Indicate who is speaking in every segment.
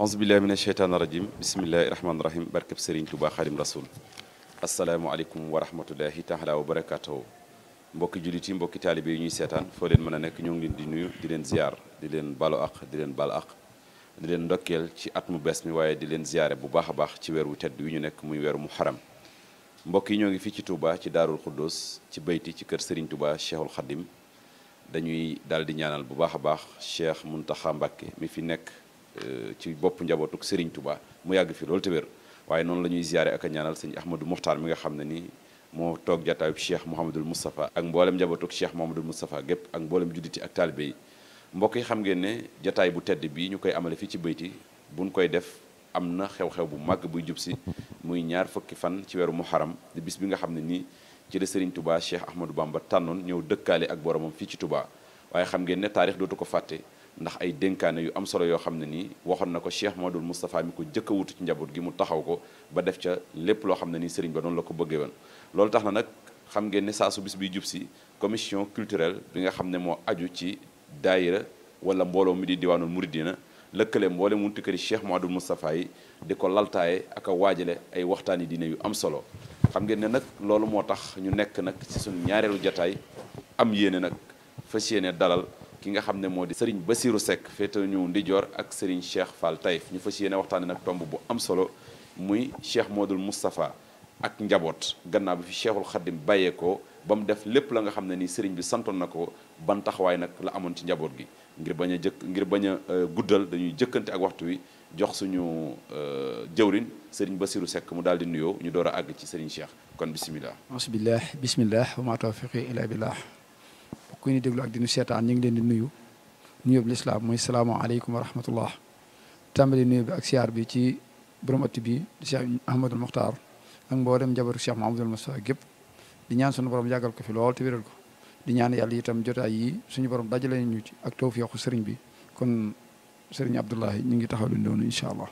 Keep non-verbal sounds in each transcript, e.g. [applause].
Speaker 1: aousubillahi min asheytaan irajim bisimillahi rahmanirahim barkeb sëriñ tubaa xaadim rasul asalaamualeykum wa rahmatullahi taala wa barakatuhu mbokki jullit yi mbokki taalibe yi ñuy seetaan foo leen mën a nekk ñoo ngi leen di nuyu di leen ziar di leen balu ak di leen bal ak di leen ndokkeel ci at mu bees mi waaye di leen ziare bu baax a baax ci weer wu tedd wi ñu nekk muy weeru muharam mbokk yi ñoo ngi fii ci Touba ci daarul xuddoos ci bayti ci kër Serigne Touba cheikhul xadim dañuy daal di ñaanal bu baax a baax cheikh muntaxa mbàkke mi fi nekk Euh, ci bopp njabootuk sëriñ tubaa mu yàgg fi loolu te wér waaye noonu la ñuy ziare ak a ñaanal sëñ Ahmadou Moukhtar mi nga xam ne ni moo toog jataayub Cheikh Mouhamadul Moustapha ak mboolem njabootuk Cheikh Mouhamadul Moustapha gépp ak mboolem judditi ak taalibe yi mbokk yi xam ngeen ne jataay bu tedd bii ñu koy amale fii ci bayti buñ koy def am na xew-xew bu màgg buy jub si muy ñaar fukki fan ci weeru mu di bis bi nga xam ne nii ci la Serigne Touba Cheikh Ahmadou Bamba tànnoon ñëw dëkkaale ak boromam fii ci Touba waaye xam ngeen ne taarix dootu ko fàtte ndax ay dénkaane yu am solo yoo xam ne nii waxoon na ko Cheikh dul Moustapha mi ko jëkk a wutu ci njaboot gi mu taxaw ko ba def ca lépp loo xam ne nii sëriñ ba noonu la ko bëggee woon loolu tax na nag xam ngeen ne saa su bis biy jub si commission culturelle bi nga xam ne moo aju ci daayira wala mbooloo mi di diwaanul muridina lëkkale mboole munti kër yi Cheikh Modou Moustapha yi di ko laltaaye ak a waajale ay waxtaani dina yu am solo xam ngeen ne nag loolu moo tax ñu nekk nag ci suñu ñaareelu jataay am yéene nag fas yéene dalal ki nga xam ne moo di Serigne Bassirou Seck féete ñu ndijoor ak sëriñ Cheikh Fall Taïf ñu fas yéene waxtaane nag tomb bu am solo muy Cheikh Modou Moustapha ak njaboot gannaaw bi fi Cheikhul Khadim bàyyeekoo ba mu def lépp la nga xam ne ni Serigne bi santoon na ko ban taxawaay nag la amoon ci njaboot gi ngir bañ a jëkk ngir bañ a euh, guddal dañuy jëkkante ak waxtu wi jox suñu euh, jëwrin Serigne Bassirou sekk mu daal di nuyoo ñu door a àgg ci Serigne Cheikh kon bisimilah.
Speaker 2: ku ñu déglu ak dinu seetaan ñu ngi leen di nuyu nuyób lislaam mooy salaamaaleykum wa rahmatullah tàmbali nuyu bi ak siyaar bi ci borom ëtt bi Cheikh Ahmadul Mokhtar ak mboolem njabaru Cheikh Mahamadul Moustapha gépp di ñaan suñu borom yàggal ko fi lool te wéral ko di ñaan yàlla itam jotaay yi suñu borom dajale ñu ci ak tawfiixu sëriñ bi kon sëriñ Abdoulahi ñu ngi taxaw lu doonu incha allah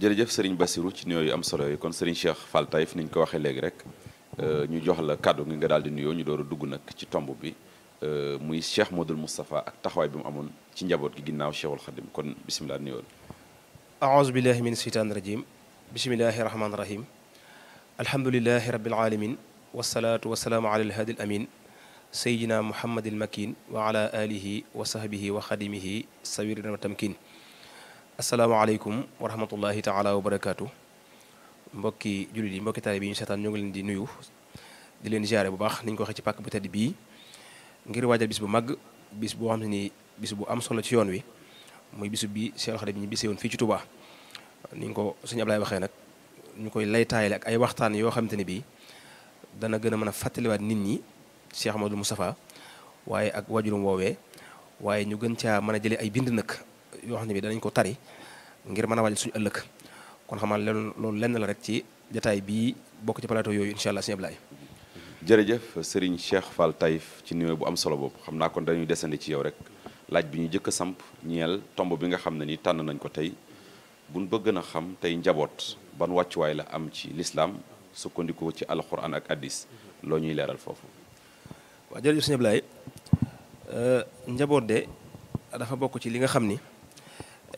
Speaker 1: jërëjëf sëriñ Bassirou ci nuyoo yu am solo yi kon sëriñ Cheikh Fall Taïf ni ñu ko waxee léegi rek euh, ñu jox la kàddu gi nga daal di nuyoo ñu door a dugg nag ci tomb bi Euh, muy Cheikh Modou Moustapha ak taxawaay bi mu amoon ci njaboot gi ginnaaw Cheikhul Khadim kon bisimilah nuyoon.
Speaker 3: aouzu billahi min sheytaani rajim bisimilahi rahmaani rahim alhamdulilahi rabil aalamiin wasalaatu wa ala wa sahbihi wa xadimihi sawirin wa tamkiin asalaamaaleykum wa rahmatullahi taala wa barakaatu mbokki jullit yi mbokki taalibe ñu seetaan ñoo ngi leen di nuyu di leen ziare bu baax ni ñu ko waxee ci pàkk bu tedd ngir waajal bis bu mag bis boo xam ne nii bis bu am solo ci yoon wi muy bisu bi Seex Xaadim bi ñu bisee woon fii ci Touba ni ko sëñ Ablaye waxee nag ñu koy laytaayale ak ay waxtaan yoo xamante ne bii dana gën a mën a fàttaliwaat nit ñi Cheikh mu Moustapha waaye ak wajurum woowee waaye ñu gën caa mën a jëlee ay bind nag yoo xam ne bii danañ ko tari ngir mën a waajal suñu ëllëg kon xamaa loolu lenn la rek ci jataay bii bokk ci plateau yooyu incha allah sëñ Ablaye
Speaker 1: jërëjëf Serigne Cheikh Fall Taïf ci nuyoo bu am solo boobu xam naa kon dañuy desandi ci yow rek laaj bi ñu jëkk a samp ñeel tomb bi nga xam ne ni tànn nañ ko tey buñ bëgg na xam tey njaboot ban wàccuwaay la am ci lislaam sukkandiku ci alxuraan ak addis loo ñuy leeral foofu. waaw jërëjëf sëñ
Speaker 3: euh, njaboot de dafa bokk ci li nga xam ni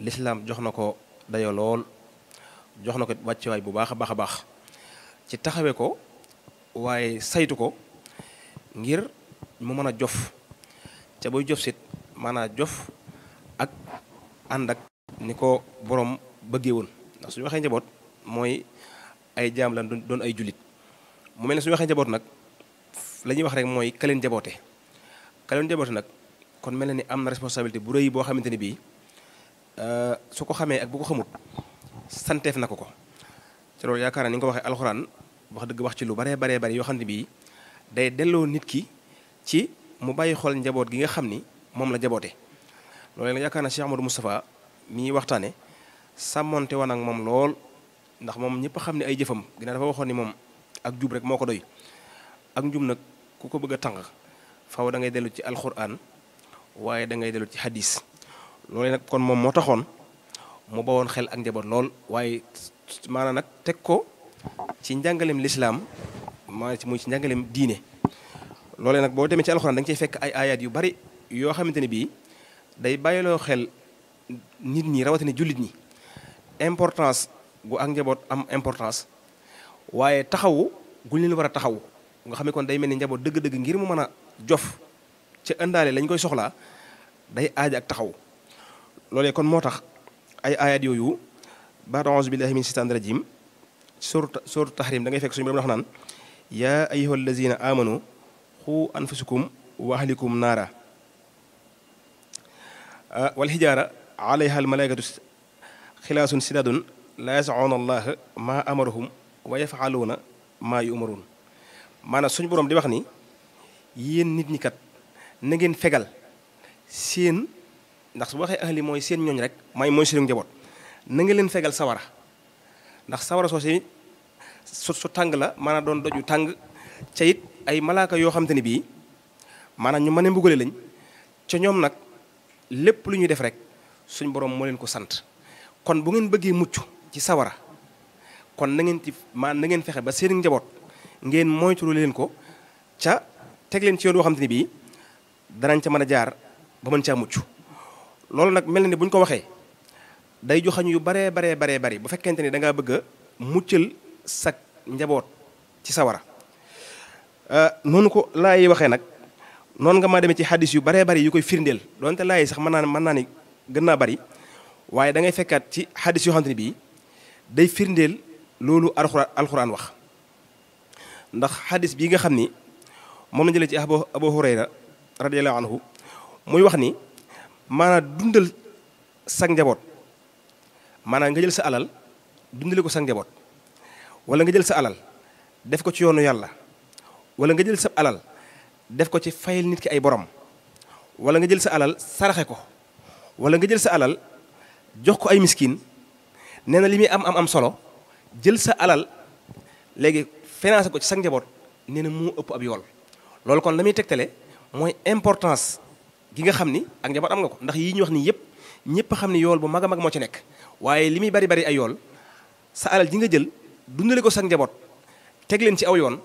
Speaker 3: lislaam jox na ko dayo lool jox na ko wàccuwaay bu baax a baax a baax ci taxawee ko. waaye saytu ko ngir mu mën a jof ca buy jof sit maanaa jof ak ànd ak ni ko borom bëggee woon ndax suñu waxee njaboot mooy ay jaam lan doon ay jullit mu mel ne suñu waxee njaboot nag la ñuy wax rek mooy kaleen jaboote kaleen jaboote nag kon mel na ni am na responsabilité bu rëy boo xamante ni bii euh, su ko xamee ak bu ko xamut santeef na ko ko te loolu yaakaar na ni nga ko waxee alxuraan wax dëgg wax ci lu baree baree bari yoo xam ne bii day delloo nit ki ci mu bàyyi xol njaboot gi nga xam ni moom la jaboote loolu nag yaakaar na Cheikh Amadou Moustapha mii waxtaane sàmmonte woon ak moom lool ndax moom ñëpp xam ne ay jëfam ginnaaw dafa waxoon ni moom ak jub rek moo ko doy ak njub nag ku ko bëgg a tànq faaw da ngay dellu ci alxuraan waaye dangay dellu ci hadis loolu nag kon moom moo taxoon mu bawoon xel ak njaboot lool waaye maanaam nag teg ko ci njàngaleem lislaam maa ci muy ci njàngaleem diine loolee nag boo demee ci alxuraan da nga fekk ay ayat yu bari yoo xamante ne bii day bàyyiloo xel nit ñi rawatina jullit ñi importance gu ak njaboot am importance waaye taxawu guñ leen war a taxawu nga xam kon day mel ni njaboot dëgg-dëgg ngir mu mën a jof ca ëndaale lañ koy soxlaa day aaj ak taxaw loolee kon moo tax ay ayat yooyu baat auzu billahi min shaytaan rajim suurat suurat tahrim da ngay fekk suñu borom wax naan yaa ayyuha allazina amanu xu anfusakum wa ahlikum naara ah, wal hijaara alayha al malaikatu xilaasun sidaadun laa yasaoona allah maa amarahum wa yafaluuna maa yumaruun maanaam suñu borom di wax ni yéen nit ñi kat na ngeen fegal seen ndax su waxee ahli mooy seen ñooñ rek may mooy seen njaboot na nga leen fegal sawara ndax sawara soosi su su tàng la a doon doju tàng ca it ay malaaka yoo xam te ni bii maanaam ñu man a mbugale lañ ca ñoom nag lépp lu ñuy def rek suñ borom moo leen ko sant kon bu ngeen bëggee mucc ci sawara kon na ngeen ci maanaam na ngeen fexe ba seen njaboot ngeen moytulu leen ko ca teg leen ci yoon yoo xam te ni bii danañ ca mën a jaar ba mën caa mucc loolu nag mel na ni bu ñu ko waxee day joxañ yu baree bare baree bari bu fekkente ni da ngaa bëgg a muccal sa njaboot ci sawara euh, noonu ko laa yi waxee nag noonu nga ma deme ci xaddis yu baree bari yu koy firndeel donte laa sax man naa mën naa ni gën naa bari waaye da ngay fekkaat ci xaddis yoo xamante ni bii day firndeel loolu alxuraan alxuraan wax ndax xaddis bii nga xam ni moom na jëlee ci abu abu hurayra radiyallahu anhu muy wax ni maanaam dundal sa njaboot maanaa nga jël sa alal dundale ko sa njaboot wala nga jël sa alal def ko ci yoonu yàlla wala nga jël sa alal def ko ci fayal nit ki ay borom wala nga jël sa alal saraxe ko wala nga jël sa alal jox ko ay miskin nee na li muy am am am solo jël sa alal léegi financé ko ci sa njaboot nee na mu ëpp ab yool loolu kon la muy tegtale mooy importance gi nga xam ni ak njaboot am nga ko ndax yi ñu wax nii yëpp ñëpp xam ni yool bu mag mag moo ci nekk waaye li muy bari bari ay yool sa alal ji nga jël dundale ko sa njaboot teg leen ci aw yoon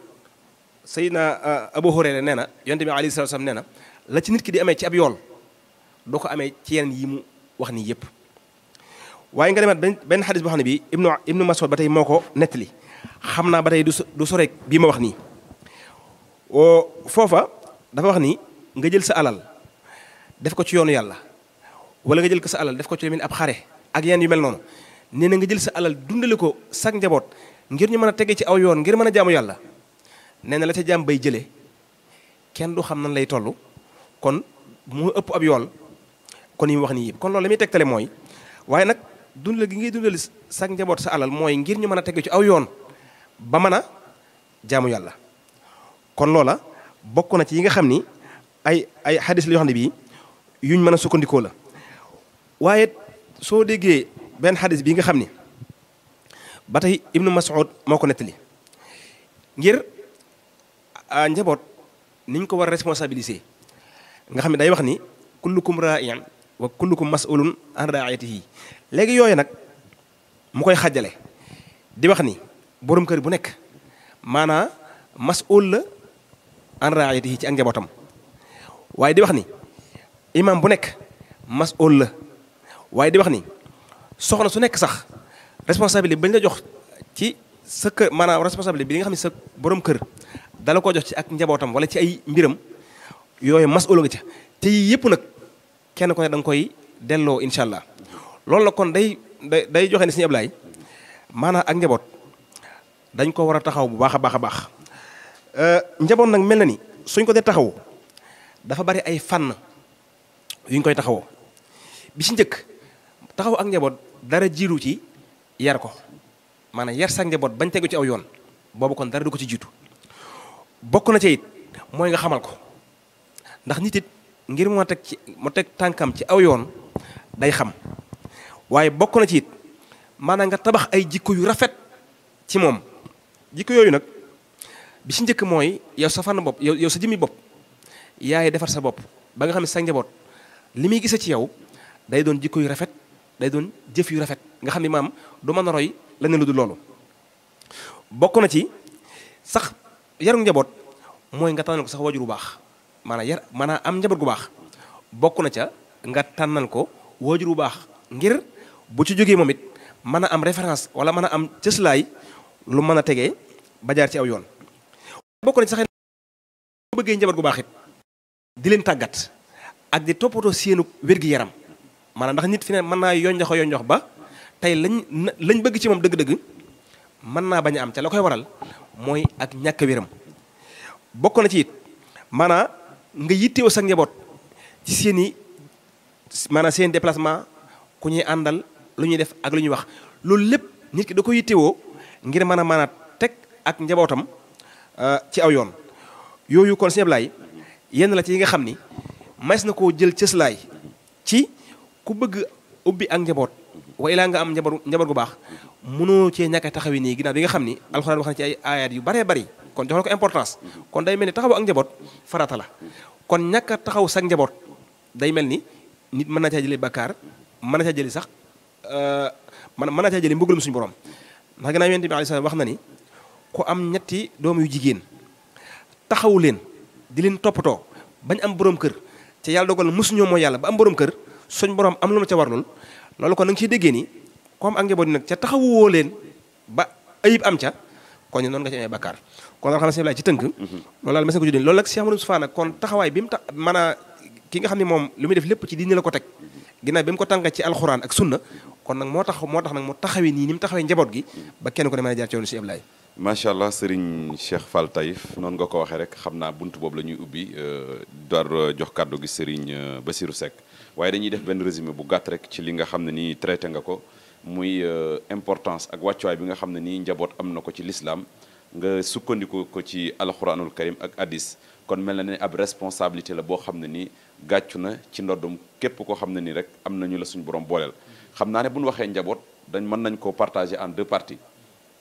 Speaker 3: Seydina uh, Abu Hurayra nee na yonte bi alayhi salaam nee na la ci nit ki di amee ci ab yool doo ko amee ci yeneen yi mu wax nii yëpp waaye nga demaat benn xadis boo xam ne bii ibnu ibnu Mas'ud ba tey moo ko nettali xam naa ba tey du soreek bii ma wax nii foofa dafa wax ni nga jël sa alal def ko ci yoonu yàlla wala nga jël ko sa alal def ko ci leen ab xare ak yenn yu mel noonu nee na nga jël sa alal dundale ko sag njaboot ngir ñu mën a tege ci aw yoon ngir mën a jaamu yàlla nee na la ca jaam bay jëlee kenn du xam nan lay toll kon mu ëpp ab yoon kon yi mu wax nii yëpp kon loolu la muy tegtale mooy waaye nag dundal gi ngay dundal sag njaboot sa alal mooy ngir ñu mën a tege ci aw yoon ba mën a jaamu yàlla kon loola bokk na ci yi nga xam ni ay ay xadis la yoo xam ne bii yuñ mën a sukkandikoo la waaye soo déggee benn xadis bi nga xam ni ba tey ibnu Mas'ud moo ko nettali ngir ah, njaboot niñ ko war a responsabiliser nga xam ne day wax ni kullukum raa'in wa kullukum mas'ulun an raa'iyatihi léegi yooyu nag mu koy xajale di wax ni borom kër bu nekk maanaa mas'ul la an raa'iyatihi ci ak njabootam waaye di wax ni imam bu nekk mas'ul la waaye di wax ni soxna su nekk sax responsabilité bañ la jox ci sa kër maanaam responsabilité bi nga xam ne sa borom kër dala koo jox ci ak njabootam wala ci ay mbiram yooyu masolo nga ca te yii yëpp nag kenn ko ne da koy delloo incha allah loolu la kon day day day joxe ne suñu ablaay ak njaboot dañ ko war a taxaw bu baax a baax a baax euh, njaboot nag mel na ni suñ ko dee taxawoo dafa bari ay fànn yuñ koy taxawoo bi ci njëkk. taxaw ak njaboot dara jiiru ci yar ko maanaam yar sa njaboot bañ tegu ci aw yoon boobu kon dara du ko ci jiitu bokk na ca it mooy nga xamal ko ndax nit it ngir moo teg ci mu teg tànkam ci aw yoon day xam waaye bokk na ci it maanaam nga tabax ay jikko yu rafet ci moom jikko yooyu nag bi si njëkk mooy yow sa fànn bopp yow sa jëmmi bopp yaay defar sa bopp ba nga xam ne sa njaboot li muy gisee ci yow day doon jikko yu rafet day doon jëf yu rafet nga xam ne maam du mën a roy la ne lu dul loolu bokk na ci sax yaru njaboot mooy nga tànnal ko sax wajur bu baax maanaam yar maanaam am njaboot gu baax bokk na ca nga tànnal ko wajur bu baax ngir bu ci jógee moom it mën a am référence wala mën a am cëslaay lu mën a tegee ba ci aw yoon bokk na ci sax bëggee njaboot gu baax it di leen tàggat ak di toppatoo seenu wér-gi-yaram maanaam ndax nit fi ne mën naa yonjox yonjox ba tey lañ lañ bëgg ci moom dëgg-dëgg mën naa bañ am ca la koy waral mooy ak ñàkk wéram bokk na ci it maanaam nga yittewoo sa njaboot ci seen i maanaam seen déplacement ku ñuy àndal lu ñuy def ak lu ñuy wax loolu lépp nit ki da ko yittewoo ngir mën a mën a teg ak njabootam euh, ci aw yoon yooyu kon sëñ yenn la ci yi nga xam ni mas na koo jël cëslaay ci ku bëgg ubbi ak njaboot wa ilaa nga am njaboot njaboot gu baax mënoo cee ñàkk a taxawi nii ginnaaw bi nga xam ni alxuraan wax na ci ay aayaat yu baree bari kon jox na kon day mel ni taxaw njaboot farata la kon ñàkk taxaw sa njaboot day mel ni nit mën na caa jëlee bakkaar mën na caa jëlee sax euh, mën mën na caa jëlee mbëggalum suñu borom ndax ginnaaw yonent bi aleyhi salaam wax na ni ku am ñetti doom yu jigéen taxawu leen di leen toppatoo bañ am borom kër te yàlla dogal mosu ñoo mooy yàlla ba am borom kër suñ borom am lu ma ca warlul loolu kon na nga ciy déggee ni comme ak njaboot nag ca taxawoo leen ba ayib am ca kon ñu noonu nga ci amee bakkaar kon daal xam ci tënk mhm. loolu daal mese ko juddeen loolu nag Cheikh Amadou Soufane nag kon taxawaay bi mu tax a ki nga xam ne moom lu muy def lépp ci diine la ko teg ginnaaw bi ko tànka ci alxuraan ak sunna kon nag moo tax moo tax nag mu taxawee nii ni mu taxawee njaboot gi ba kenn ko ne mën a jaar ci yoonu sëñ Ablaye
Speaker 1: macha allah sëriñ Cheikh Fall Taïf noonu nga ko waxee rek xam naa bunt boobu la ñuy ubbi euh, door jox kàddu gi sëriñ euh, Basirou Seck waaye dañuy def benn résumé bu gàtt rek ci li nga xam ne nii traité nga ko muy euh, importance ak wàccuwaay bi nga xam ne nii njaboot am na ko ci lislaam nga sukkandiku ko ci alxuraanul karim ak addis kon mel na ne ab responsabilité la boo xam ne nii gàccu na ci ndoddum képp koo xam ne nii rek am nañu la suñu borom booleel xam naa ne bu ñu waxee njaboot dañ mën nañ ko partager en deux parties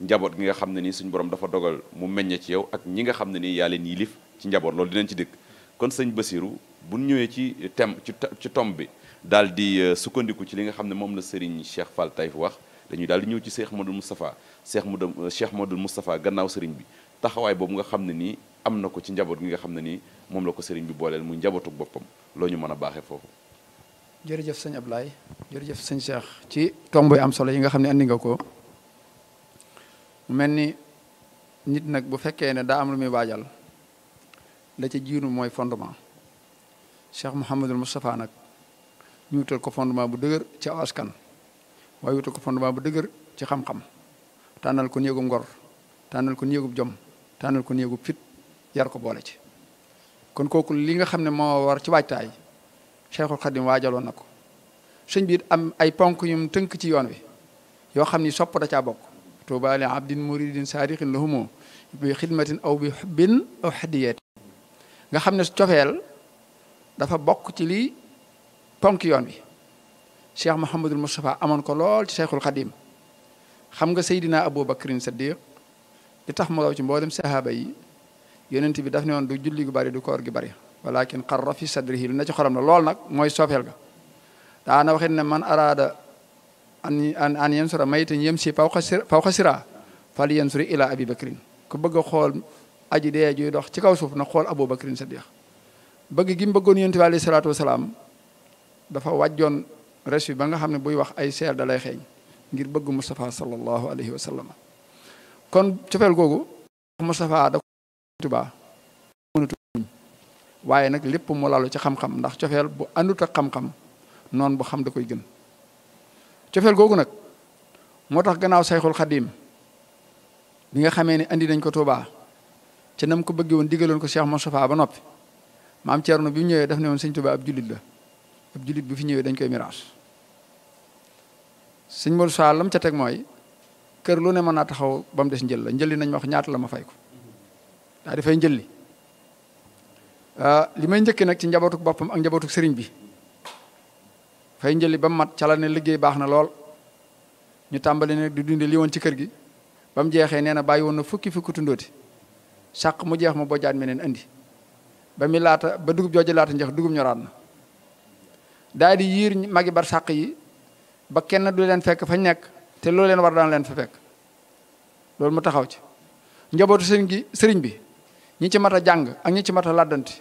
Speaker 1: njaboot gi nga xam ne ni suñu borom dafa dogal mu meññe ci yow ak ñi nga xam ne nii yaa leen yilif ci njaboot loolu dinañ ci dëkk kon sëñ Basiru bu ñëwee ci thème ci ci tomb bi daal di euh, sukkandiku ci li nga xam ne moom la Serigne Cheikh Fall Taïf wax dañuy daal di ñëw ci Cheikh Modou Moustapha Cheikh Modou euh, Cheikh Modou Moustapha gannaaw Serigne bi taxawaay boobu nga xam ne nii am na ko ci njaboot gi nga xam ne nii moom la ko Serigne bi booleel muy njabootu boppam loo ñu mën a baaxe foofu.
Speaker 2: jërëjëf sëñ Ablaye jërëjëf sëñ Cheikh ci tomb yu am solo yi nga xam ne andi nga ko mel ni nit nag bu fekkee ne daa am lu muy waajal la ci jiinu mooy fondement. Cheikh Mouhamadul Moustapha nag ñu wutal ko fondement bu dëgër ci aw askan waaye wutal ko fondement bu dëgër ci xam-xam tànnal ko néegub ngor tànnal ko néegub jom tànnal ko néegub fit yar ko boole ci kon kooku li nga xam ne moo war ci waajtaay Cheikhul Khadim waajaloon na ko sëñ bi am ay ponk yum tënk ci yoon wi yoo xam ni sopp da caa bokk tuuba li abdin muridin bi xidmatin aw bi xubbin aw nga xam ne cofeel dafa bokk ci lii ponk yoon bi cheikh Mouhamadul Moustapha amoon ko lool ci cheikhul Khadim xam nga Seydina Aboubacrin Saddiq li tax mu raw ci mboolem sahaaba yi yonent bi daf ne woon du julli gu bari du koor gi bari walakin xarra fi sadrihi lu ne ci xolam la lool nag mooy soofeel ga daana waxit ne man araada an may yansura maytan yamsi fawqa fawqa sira fal yansuri ila abi bakrin ku bëgg a xool aji dee juy dox ci kaw suuf na xool Aboubacrin Saddiq bëgg gi mu bëggoon yonent bi alayhi salaatu wasalaam dafa wàjjoon res ba nga xam ne buy wax ay seer dalay lay xeeñ ngir bëgg Moustapha sallallahu alayhi wa sallam kon cofeel googu Moustapha da ko Tuubaa mënatu waaye nag lépp mu lalu ci xam-xam ndax cofeel bu àndut ak xam-xam noonu bu xam da koy gën cofeel googu nag moo tax gannaaw sayxul xadiim bi nga xamee ne indi nañ ko Tuubaa ci nam ko bëggee woon digaloon ko Cheikh Moustapha ba noppi maam Thierno bi mu ñëwee def ne woon sëñ Tuubaa ab jullit la ab jullit bu fi ñëwee dañ koy miraas sëñ Modou Sall lam ca teg mooy kër lu ne mën naa taxaw ba mu des njël la njëlli nañ ma wax ñaata la ma fay ko daa dafay njëlli ah, li may njëkki nag ci njabootu boppam ak njabootu sëriñ bi fay njëlli ba mu mat calal ne liggéey baax na lool ñu tàmbali ne di dunde li woon ci kër gi ba mu jeexee nee na bàyyi woon na fukki fukki tundooti sàq mu jeex ma bojaat meneen andi ba mi laata ba dugub jooju laata njëx dugub ñoraat na daal di yiir magi bar sàq yi ba kenn du leen fekk fañ nekk te loolu leen war daan leen fa fekk loolu mu taxaw ci njabootu sëriñ gi sëriñ bi ñi ci mat a jàng ak ñi ci mat làddanti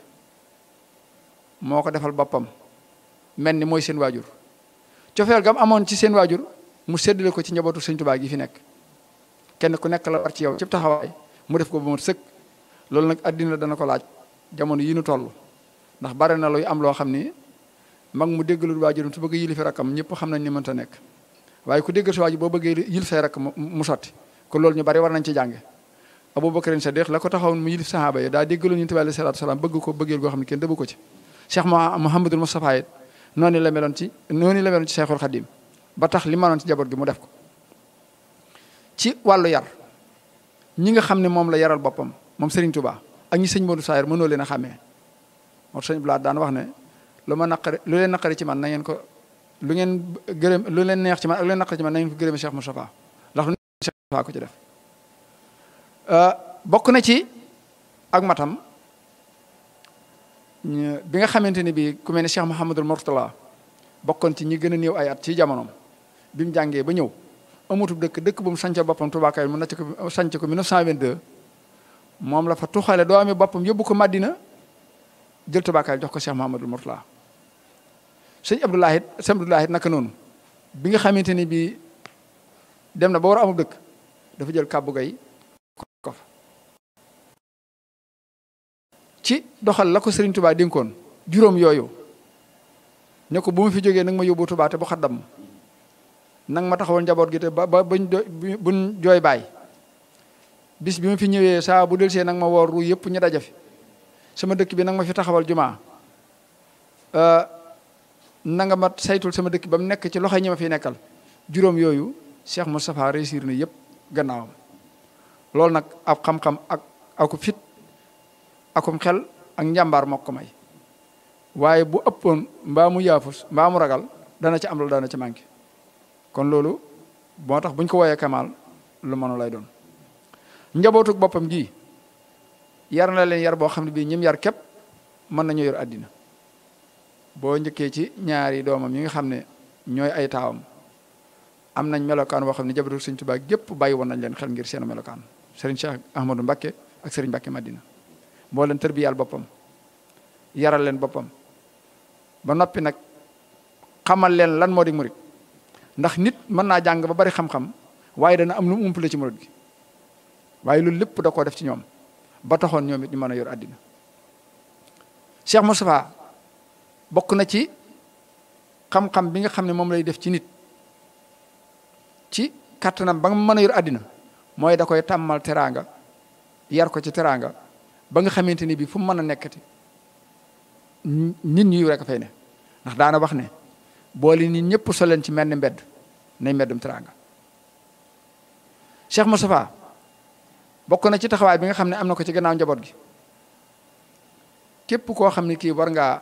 Speaker 2: moo ko defal boppam mel ni mooy seen waajur cofeel gam amoon ci seen waajur mu séddale ko ci njabootu sëriñ Tuubaa gi fi nekk kenn ku nekk la war ci yow ci taxawaay mu def ko ba mu sëkk loolu nag àddina dana ko laaj jamono yi nu toll ndax bare na luy am loo xam ni mag mu déggalul waajuram su bëgg a yilifi rakkam ñëpp xam nañ ni mënta nekk waaye ku déggal si waajur boo bëggee yil say rakk mu sotti kon loolu ñu bari war nañ ci jànge abubakarin sadiq la ko taxawoon mu yilif sahaaba yi daa déggaloon ñu tabi salaatu salaam bëgg ko bëggeel goo xam ne kenn dëbb ko ci cheikh mohamadul moustapha it noonu la meloon ci noonu la meloon ci cheikhul xadim ba tax li manoon ci jaboot gi mu def ko ci wàllu yar ñi nga xam ne moom la yaral boppam moom sëriñ Touba ak ñi sëñ Modou Sayer mënoo leen a xàmmee moo sëñ Blaat daan wax ne lu ma naqari lu leen naqari ci man na ngeen ko lu ngeen gërëm lu leen neex ci man ak lu leen naqari ci man na ngeen ko gërëme Cheikh Moustapha ndax lu Cheikh Moustapha ko ci def euh, bokk na ci ak matam bi nga xamante ni bii ku mel ne Cheikh Mouhamadul Mourtala bokkoon ci ñi gën a néew ci jamonoom bi mu jàngee ba ñëw amatub dëkk dëkk bu mu sànc boppam Touba Kayel mu moom la fa tuxale amee boppam yóbbu ko Madina jël tubaakaay jox ko Cheikh Mouhamadul Mourtala sëñ Abdoulahi sëñ Abdoulahi naka noonu bi nga xamante ni bii dem na ba war a amub dëkk dafa jël kàbbu gay ko ci doxal la ko Serigne Touba dénkoon juróom yooyu ne ko bu ma fi jógee nag ma yóbbu Touba te bu xaddam nag ma taxawal njaboot gi te ba ba buñ jooy baay bis bi ma fi ñëwee saa bu delsee nag ma woor ru yëpp ñu daja fi sama dëkk bi nag ma fi taxawal jumaa euh, na nga ma saytul sama dëkk ba mu nekk ci loxo ñi ma fi nekkal juróom yooyu Cheikh Moustapha réussir na yëpp gannaawam loolu nag ak xam-xam ak aku fit akum xel ak njàmbaar moo ko may waaye bu ëppoon mbaa mu yaafus mbaa mu ragal dana ci am loolu dana ci manqué kon loolu moo tax buñ ko woyee kamaal lu mënu lay doon njabootuk boppam gi yaral na leen yar boo xam ne bii ñim yar képp mën nañoo yor àddina boo njëkkee ci ñaari doomam yi nga xam ne ñooy ay taawam am nañ melokaan woo xam ne njabootu sëñ Tuubaa gépp bàyyi woon nañ leen xel ngir seen melokaan Sëriñ Cheikh Ahmadou Mbakke ak Sëriñ Mbakke Madina moo leen tërbiyaal boppam yaral leen boppam ba noppi nag xamal leen lan moo di murit ndax nit mën naa jàng ba bari xam-xam waaye dana am lu mu umpale ci murit gi waaye loolu lépp da koo def ci ñoom ba taxoon ñoom it ñu mën a yor àddina Cheikh Moustapha bokk na ci xam-xam bi nga xam ne moom lay def ci nit ci kattanam ba nga mën a yor àddina mooy da koy tàmmal teraanga yar ko ci teraanga ba nga xamante ni bi fu mën a nekkati nit ñi rek a fay ne ndax daana wax ne boole nit ñëpp soleen ci mel ni mbedd nay mbeddum teraanga Cheikh Moustapha bokk na ci taxawaay bi nga xam ne am na ko ci gannaaw njaboot gi képp koo xam ne kii war ngaa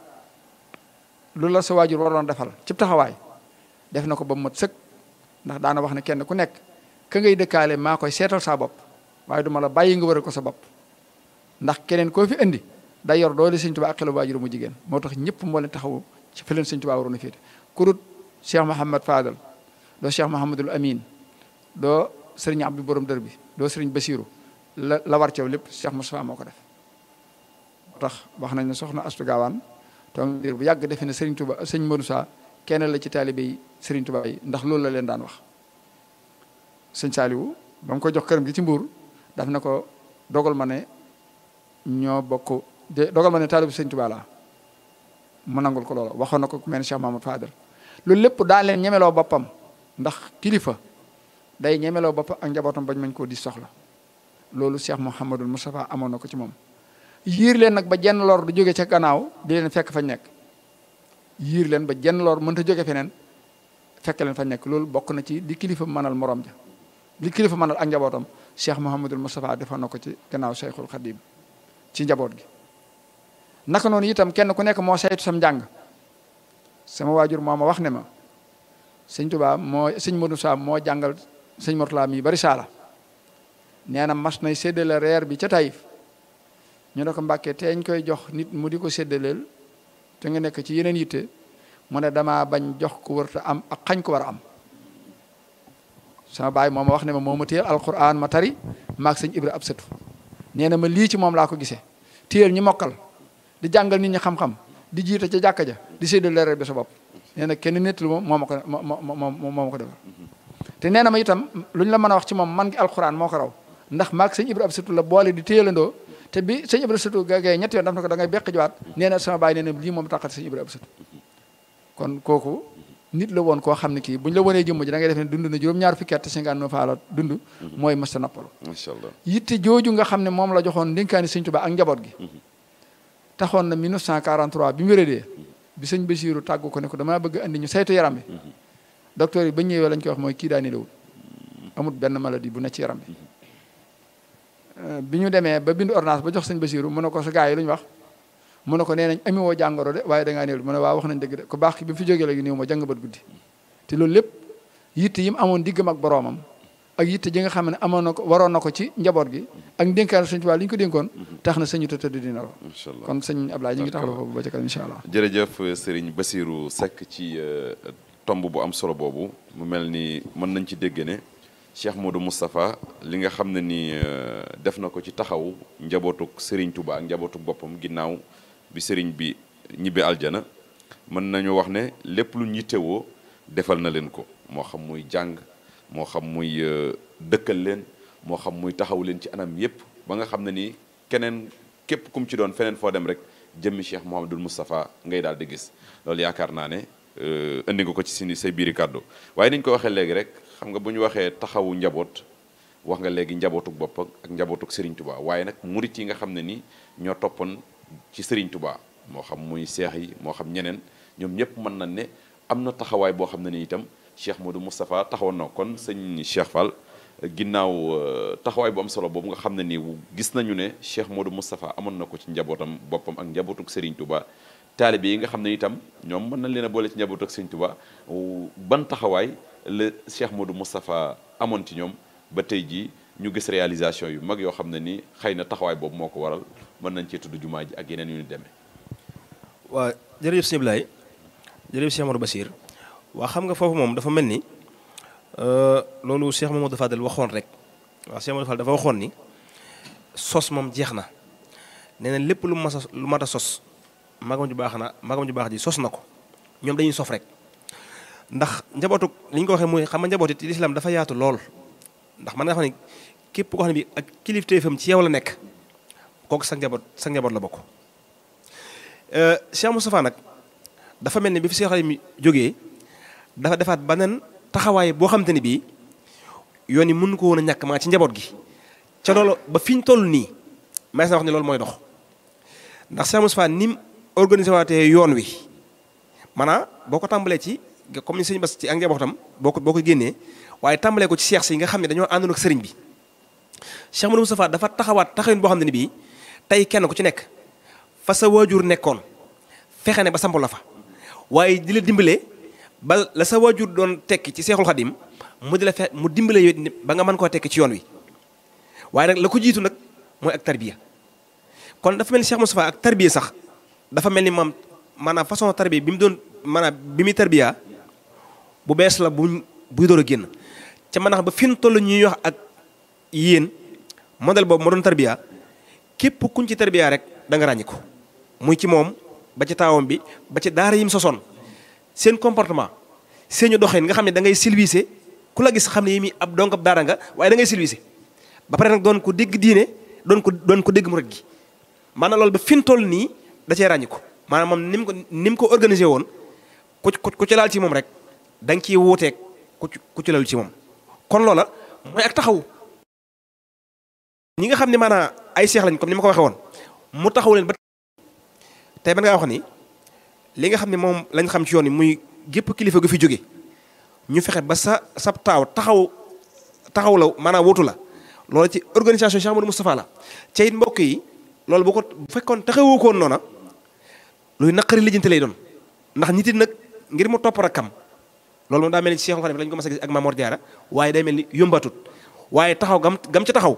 Speaker 2: lu la sa waajur waroon defal cib taxawaay def na ko ba mu mat sëkk ndax daana wax ne kenn ku nekk ka ngay dëkkaale maa koy seetal saa bopp waaye duma la bàyyi nga wëral ko sa bopp ndax keneen koo fi indi day yor doole sëñ Tuubaa ak xelu waajur mu jigéen moo tax ñëpp moo leen taxawu ci fi leen sëñ Tuubaa waroon a féete kurut Cheikh Mouhamad Fadal doo Cheikh Mouhamadul Amin doo sëriñ Abdou borom dër bi doo sëriñ Basiru la la war ceew lépp Cheikh Moustapha moo ko def tax wax nañ ne soxna Astu Gaawaan toog diir bu yàgg defe ne Serigne Touba sëñ Modou Sa kenn la ci taalibe yi Serigne yi ndax loolu la leen daan wax sëñ saaliwu ba ko jox këram gi ci mbuur daf na ko dogal ma ne ñoo bokk de dogal ma ne taalibu Serigne Touba la mu nangul ko loola waxoon na ko ku mel ne Cheikh Mamadou loolu lépp daa leen ñemeloo boppam ndax kilifa day ñemeloo boppam ak njabootam bañ mañ koo di soxla loolu Cheikh Mouhamadul Moustapha amoon na ko ci moom yiir leen nag ba jenn lor di jóge ca gannaaw di leen fekk fañ nekk yiir leen ba jenn lor mënta jóge feneen fekk leen fa nekk loolu bokk na ci li kilifa mënal moroom ja li kilifa mënal ak njabootam Cheikh Mouhamadul Moustapha defoon na ko ci gannaaw Cheikhul Khadim ci njaboot gi naka noonu itam kenn ku nekk moo saytu sam njàng sama waajur moo ma wax ne ma sëñ Tuubaa moo sëñ Modou Sa moo jàngal sëñ Mortala mi bari nee na mas nay séddale reer bi ca Taïf ñu ne ko Mbàkke teeñ koy jox nit mu di ko séddaleel te nga nekk ci yeneen yitte mu ne damaa bañ jox ko warta am ak xañ ko war a am sama baay moom ma wax ne ma moom ma téyel alquran ma tari maag sëñ Ibra ab sëtu nee na ma lii ci moom laa ko gisee téyel ñi mokkal di jàngal nit ñi xam-xam di jiite ca jàkka ja di séddale reer bi sa bopp nee na kenn nettalu ma moo ma ko moo ma ko defal mm-hmm. te nee na ma itam lu ñu la mën a wax ci moom man gi alquran moo ndax maag sëñ Ibra Absatu la boole di téyalandoo te bi sëñ Ibra Absatu gaagee ñetti yoon daf na ko da ngay beq jiwaat nee sama baay nee lii moom taqat sëñ Ibra Absatu kon kooku nit la woon koo xam ne kii bu ñu la wonee jëmm ji da ngay def ne dund ñaar fukki at cinquante neuf faala mhm. jooju nga xam ne moom la joxoon ndénkaani sëñ Tuubaa ak njaboot gi mhm. taxoon na 1943 bi mu wéradee mhm. bi sëñ Basiiru tàggu ko ne ko damaa bëgg andi ñu saytu yaram bi docteur yi ba ñëwee lañ koy wax mooy kii daa nelawul amut benn maladie bu ne ci yaram bi Euh, bi ñu demee ba bind ordonnance ba jox sëñ Basiiru mu ne ko sa gars yi lu ñu wax mu ko nee nañ ami woo jàngoro de waaye dangaa néew mu waa wax nañ dëgg de ku baax ki bi fi jógee léegi néew ma jàng bat guddi te loolu lépp yitte yim amoon diggam ak boroomam ak yitte ji nga xam ne amoon na ko waroon na ko ci njaboot gi ak ndénkaal sëñ Tuubaa li ñu ko dénkoon tax na sëñu tëdd dina la kon sëñ Ablaye ñu ngi taxaw foofu ba ca kanam incha allah
Speaker 1: jërëjëf sëriñ Basiiru Seck ci euh, tomb bu am solo boobu mu mel ni mën nañ ci dégg Cheikh Modou Moustapha li nga xam ne ni euh, def na ko ci taxaw njabootuk Serigne Touba ak njabootuk boppam ginnaaw bi Serigne bi ñibbi aljana mën nañu wax ne lépp lu ñittewoo defal na leen ko moo xam muy jàng moo xam muy euh, dëkkal leen moo xam muy taxaw leen ci anam yépp ba nga xam ne nii keneen képp kum ci doon feneen foo dem rek jëmmi Cheikh Mouhamadul Moustapha ngay daal di gis loolu yaakaar naa ne euh, indi nga ko ci sini biir biiri kàddu waaye niñ ko waxee léegi rek xam nga bu ñu waxee taxawu njaboot wax nga léegi njabootuk bopp ak njabootuk Serigne Touba waaye nag murit yi nga xam ne ni ñoo toppoon ci Serigne Touba moo xam muy seex yi moo xam ñeneen ñoom ñëpp mën nañ ne am na taxawaay boo xam ne ni itam Cheikh Modou Moustapha taxawoon na kon sëñ Cheikh Fall ginnaaw euh, taxawaay bu solo boobu nga xam ne ni gis nañu ne Cheikh Modou Moustapha amoon na ko ci njabootam boppam ak njabootuk Serigne Touba. taalibe yi nga xam ne itam ñoom mën nañ leen a boole ci njabootuk Serigne Touba ban taxawaay. la Cheikh Modou Moustapha amoon ci ñoom ba tey jii ñu gis réalisation yu mag yoo xam ne ni xëy na taxawaay boobu moo ko waral mën nañ cee tudd jumaa ji ak yeneen yu ñu demee.
Speaker 3: waaw jërëjëf sëñ Ablaye jërëjëf Cheikh Modou Bassir waa xam nga foofu moom dafa mel ni euh, loolu Cheikh Mamadou Fadel waxoon rek waaw Cheikh Mamadou dafa waxoon ni sos moom jeex na nee lépp lu mas a lu mat a sos magam ju baax na magam ju baax ji sos na ko ñoom dañuy sof rek. ndax njabootu li ko waxee mooy xam nga njaboot yi lislaam dafa yaatu lool ndax man nga xam ne képp koo xam ne bi ak kilifteefam ci yow la nekk kook sa njaboot sa njaboot la bokk. Euh, Cheikh Moustapha nag dafa mel ni bi fi Cheikh Xadim jógee dafa defaat beneen taxawaay boo xam te bii yoon yi mënu ko woon a ñàkk maa ci njaboot gi ca loolu ba fi ñu toll nii mais sa wax ne loolu mooy dox ndax Cheikh Moustapha ni mu organisé waatee yoon wi maanaam boo ko tàmbalee ci. comme ni sëñ Bass ci ak njabootam boo ko boo ko génnee waaye tàmbalee ko ci seex si nga xam ne dañoo àndoon ak sëriñ bi Cheikh Modou dafa taxawaat taxawin boo xam ne ni bii tey kenn ku ci nekk fa sa waajur nekkoon fexe ne ba samp la waaye di la dimbale ba la sa waajur doon tekki ci seexul xadim di la mu dimbale yow ba nga mën koo tekki ci yoon wi waaye nag la ko jiitu nag mooy ak tarbiya kon dafa mel ni Cheikh Moustapha ak sax dafa mel ni moom maanaam façon tarbiya bi mu doon maanaam bi muy bu bees la bu buñ buy door a génn ca manax ba fi mu toll ñuy wax ak yéen modèle boobu ma doon tarbiya képp kuñ ci tarbiya rek da nga ràññi ko muy ci moom ba ci taawam bi ba ci daara yim sosoon seen comportement seenu doxeen nga xam ne da ngay silvisé ku la gis xam ne yi muy ab donc ab nga waaye da ngay silvisé ba pare nag doon ku dégg diine doon ko doon ko dégg mu rek gi maanaam loolu ba fi mu toll nii da cee ràññi ko maanaam moom ni mu ko ni mu ko organisé woon ku ku ci laal ci moom rek. da nga ciy wuuteeg ku ci ku ci lalu ci moom kon loola mooy ak taxaw ñi nga xam ne maanaam ay seex lañ comme ni ma ko waxee woon mu taxaw leen ba te ban ngaa wax ni li nga xam ne moom lañ xam ci yoon yi muy gépp kilifa gu fi jóge ñu fexe ba sa sab taaw taxaw taxaw la maanaam wóotu la loolu ci organisation Cheikh Amadou Moustapha la ca it mbokk yi loolu bu ko bu fekkoon taxawoo koon noona luy naqari lijjanti lay doon ndax nit nag ngir mu topp rakkam loolu moom daa mel ni Cheikh Xadim lañ ko mas a ak Mamor Diarra waaye day mel ni yombatut waaye taxaw gam gam ca taxaw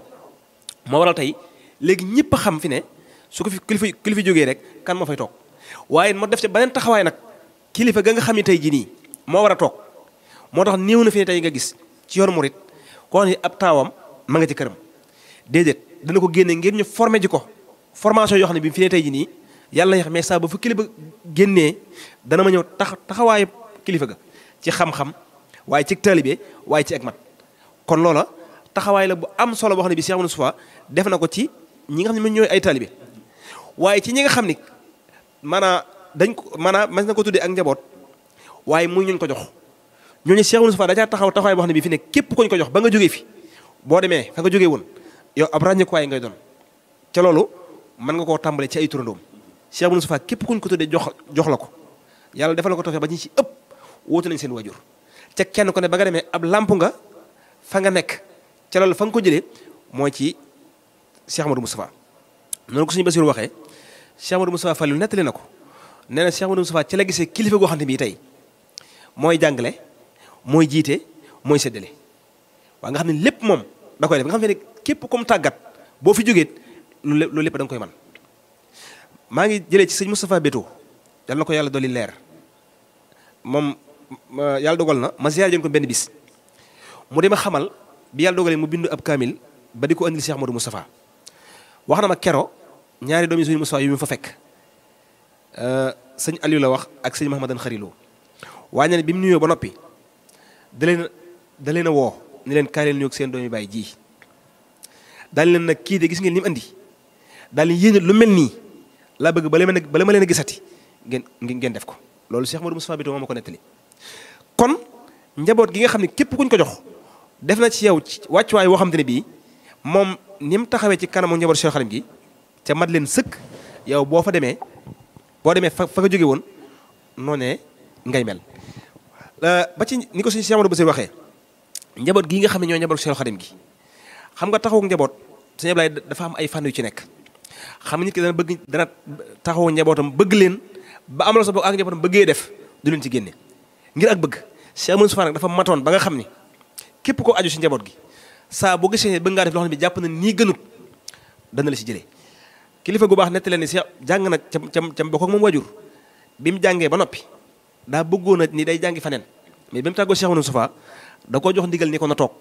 Speaker 3: moo waral tey léegi ñëpp a xam fi ne su ko fi kilifa kilifa jógee rek kan moo fay toog waaye moo def ca beneen taxawaay nag kilifa ga nga xam ne tey jii nii moo war a toog moo tax néew na fi tey nga gis ci yoonu murit koo xam ab taawam ma nga ci këram déedéet dana ko génne ngir ñu formé ji ko formation yoo ne bi fi tey jii nii yàlla yax mais saa ba fu kilifa génnee dana ma ñëw tax taxawaayu kilifa ga ci xam-xam waaye ci taalibe waaye ci ak mat kon loola taxawaay la bu am solo boo xam ne bi Cheikh Moustapha def na ko ci ñi nga xam ne ñooy ay taalibe waaye ci ñi nga xam ni maanaam dañ ko maanaam mas na ko tuddee ak njaboot waaye muy ñuñ ko jox ñooñu Cheikh Moustapha dajaa taxaw taxawaay boo xam ne bi fi ne képp koñ ko jox ba nga jógee fi boo demee fa nga jógee woon yow ab ràññikuwaay ngay doon ca loolu mën nga koo tàmbale ci ay turandoom Cheikh Moustapha képp kuñ ko tuddee jox jox la ko yàlla defal ko tawfeex ba ñu ci ëpp wóotu nañ seen wajur ca kenn ku ne ba nga demee ab làmp nga fa nga nekk ca loolu fa nga ko jëlee mooy ci Cheikh Amadou Moustapha noonu ko suñu waxee Cheikh Amadou Moustapha Fallou nettali na ko nee na Cheikh ci la gisee kilifa goo xam ne bii tey mooy jàngale mooy jiite mooy séddale waaw nga xam ne lépp moom da koy def nga xam ne képp comme tàggat boo fi jógee loolu lépp da koy man maa ngi jëlee ci sëñ Moustapha Beto yal na ko yàlla dolli leer moom yàlla dogal na ma ziyaare joon ko benn bis mu dem xamal bi yàlla dogalee mu bind ab kaamil ba di ko andil Cheikh Modou Moustapha wax na ma kero ñaari doomi suñu Moustapha yu mu fa fekk euh, sëñ Aliou la wax ak sëñ Mahamadan Xarilo waaye ne bi mu nuyoo ba noppi da leen da leen a woo ni leen kaay leen nuyoog seen doomi baay jii daal leen nag kii de gis ngeen ni mu andi daal leen lu mel nii laa bëgg bala ma leen a gisati ngeen ngeen def ko loolu Cheikh Modou Moustapha bi to moo ma ko kon njaboot gi nga xam ne képp kuñ ko jox def na ci yow wàccuwaay woo xam te ne bii moom ni mu taxawee ci kanamu njaboot Cheikh Xadim gi te mat leen sëkk yow boo fa demee boo demee fa fa nga jóge woon noonee ngay mel. Euh, ba ci ni ko suñu Cheikh waxee njaboot gi nga xam ne ñoo njaboot Cheikh Xadim gi xam nga taxawu njaboot sëñ Ablaye dafa am ay fànn yu ci nekk xam nit ki dana bëgg dana taxawu njabootam bëgg leen ba amal sa bopp ak njabootam bëggee def du leen ci génne. ngir ak bëgg Cheikh Mansour Fall nag dafa matoon ba nga xam ni képp ko aju si njaboot gi saa boo gisee bëgg ngaa def loo ne bi jàpp na nii gënut dana la si jëlee kilifa gu baax nett leen ni Cheikh jàng na cam cam cam bokk ak moom wajur bi mu jàngee ba noppi daa bëggoon a ni day jàngi faneen mais bi mu tàggoo Cheikh Mansour Fall da koo jox ndigal ni ko na toog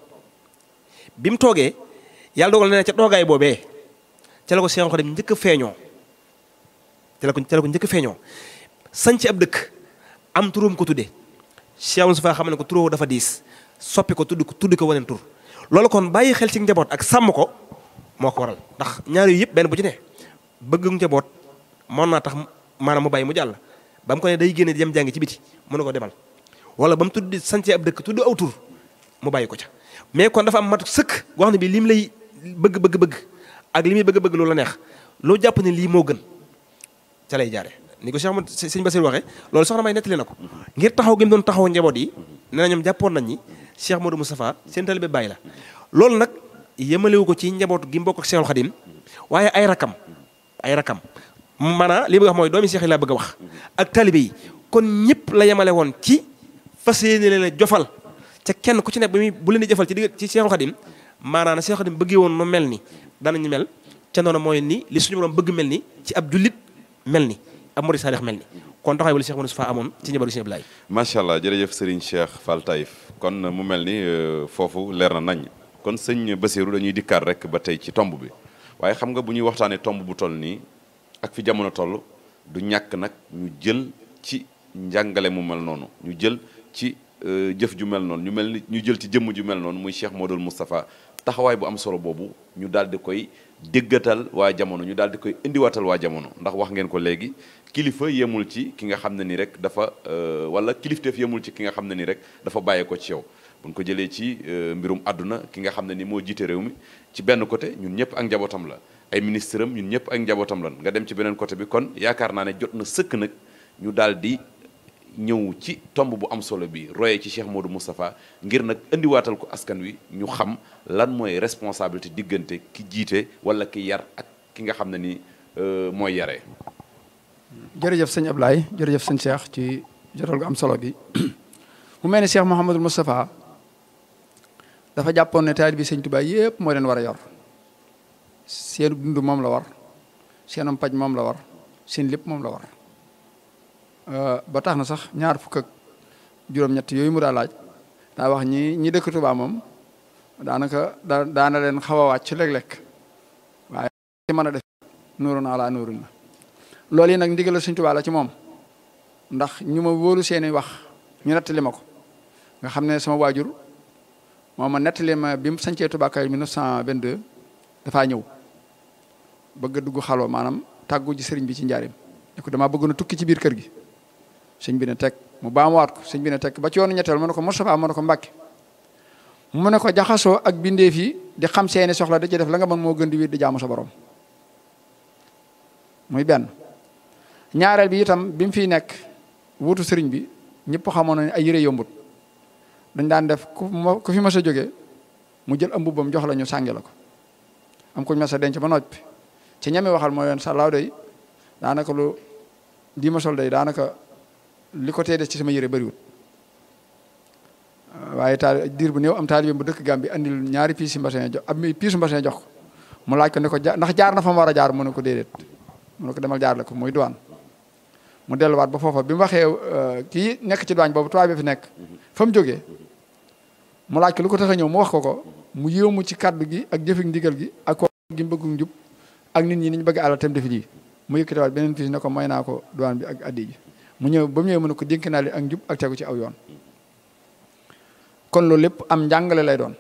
Speaker 3: bi mu toogee yàlla dogal na ca toogaay boobee ca la ko Cheikh Khadim njëkk a feeñoo ca ko ca la njëkk a feeñoo sañ ci ab dëkk am ko tuddee Cheikh Moussa xam ne ko turoo dafa diis soppi ko tudd ko tudd ko waneen tur loolu kon bàyyi xel ci njaboot ak sàmm ko moo ko waral ndax ñaar yooyu yëpp benn bu ci ne bëgg njaboot mën naa tax maanaam mu bàyyi mu jàll ba mu ko ne day génne dem jàngi ci biti mën na ko demal wala ba mu tudd sànci ab dëkk tudd aw tur mu bàyyi ko ca mais kon dafa am mat sëkk wax ne bi lim lay bëgg bëgg bëgg ak li muy bëgg bëgg loolu la neex loo jàpp ne lii moo gën ca lay jaare ni ko Cheikh Ahmad Sëñ Basir waxee loolu soxna may nettali na ko ngir taxaw gi mu doon taxaw njaboot yi nee na ñoom jàppoon nañ ñi Cheikh Modou Moustapha seen talibe bàyyi la loolu nag yemalewu ko ci njaboot gi mu bokk ak Cheikhul Khadim waaye ay rakam ay rakam maanaam li bëgg wax mooy doomi Cheikh yi laa bëgg a wax ak talibe yi kon ñëpp la yemale woon ci fas yéene a jofal ca kenn ku ci nekk bi bu leen di jëfal ci digg ci Cheikhul Khadim maanaam Cheikhul Khadim bëggee woon nu mel ni danañu mel ca noonu mooy ni li suñu borom bëgg mel ni ci ab jullit mel ni ab murid saalix mel ni kon taxawaay wala Cheikh Moussa Faye amoon ci njabaru Sëriñ
Speaker 1: Ablaay macha allah jërëjëf Serigne Cheikh Fall Taïf kon mu mel ni euh, foofu leer na nañ kon sëñ Basiru dañuy dikkaat rek ba tey ci tomb bi waaye xam nga bu ñuy waxtaanee tomb bu toll nii ak fi jamono toll du ñàkk nag ñu jël ci njàngale mu mel noonu ñu jël ci euh, jëf ju mel noonu ñu mel ni ñu jël ci jëmm ju mel noonu muy Cheikh Modou Moustapha taxawaay bu am solo boobu ñu daal di koy déggatal waa jamono ñu daal di koy indiwaatal waa jamono ndax wax ngeen ko léegi kilifa yemul ci ki nga xam ne ni rek dafa euh, wala kilifteef yemul ci ki nga xam ne ni rek dafa bàyyee ko ci yow buñ ko jëlee ci euh, mbirum àdduna ki nga xam ne ni moo jiite réew mi ci benn côté ñun ñëpp ak njabootam la ay ministre am ñun ñëpp ak njabootam lan nga dem ci beneen côté bi kon yaakaar naa ne jot na sëkk nag ñu daal di ñëw ci tomb bu am solo bi royee ci Cheikh modu Moustapha ngir nag indiwaatal ko askan wi ñu xam lan mooy responsabilité diggante ki jiite walla ki yar ak ki nga xam ne ni euh, mooy yaree.
Speaker 2: jërëjëf sëñ Ablaye jërëjëf sëñ Cheikh ci jotal gu am solo bi [clears throat] mu mel ni Cheikh Mouhamadul Moustapha dafa jàppoon ne taalibe bi sëñ Tuubaa yëpp moo leen war a yor seen dund moom la war seenam paj moom la war seen lépp moom la war. Euh, ba tax na sax ñaar fukk ak juróom-ñett yooyu mu daa laaj daa wax ñi ñi dëkk Tuubaa moom. daanaka da daana leen xaw a wàcc léeg-léeg waaye ci mën a def nuuru naa laa nuuru na loolu yi nag ndigal Sëñ Tuubaa ci moom ndax ñu ma wóolu seeni wax ñu nettali ma ko nga xam ne sama waajur moom a nettali bi mu sancee Touba vingt 1922 dafaa ñëw bëgg a dugg xaloo maanaam tàggu ji sëriñ bi ci njaarim ne ko damaa na tukki ci biir kër gi sëñ bi ne tek mu baamuwaat ko sëñ bi ne teg ba ci yoonu ñetteel mu ne ko Moustapha mu ne ko Mbàkke mu ne ko jaxasoo ak bindeef yi di xam seeni soxla da ci def la nga mën moo gën di wér di jaamu sa muy benn ñaareel bi itam bi mu fi nekk wutu sëriñ bi ñëpp xamoon ne ay yére yombut dañ daan def ku fi mas a jóge mu jël am mbubbam jox la ñu sànge la ko am kuñ mas a denc ba noppi ci ñami waxal mooy yoon salaaw day daanaka lu di ma sol day daanaka li ko tee des ci sama yëre bëriwut waaye taal diir bu néew am taalibe bu dëkk Gàmbi andil ñaari piis mbasin jox am piisu mbasin jox ko mu laaj ko ne ko ndax jaar na fa mu war a jaar mu ne ko déedéet mu ko demal jaar ko muy douane mu delluwaat ba foofa bi mu waxee euh, kii nekk ci douane boobu tubaab bi fi nekk fa mu jógee mu laaj ko lu ko tax ñëw mu wax ko ko mu yéemu ci kaddu gi ak jëfik ndigal gi ak ko gi mu bëgg njub ak nit ñi ni ñu bëgg àlal tam defi lii mu yëkkatiwaat beneen piis ne ko may naa ko douane bi ak addi mu ñëw ba mu ñëw mu ne ko dénk naa li ak njub ak tegu ci aw yoon kon loolu lépp am njàngale lay doon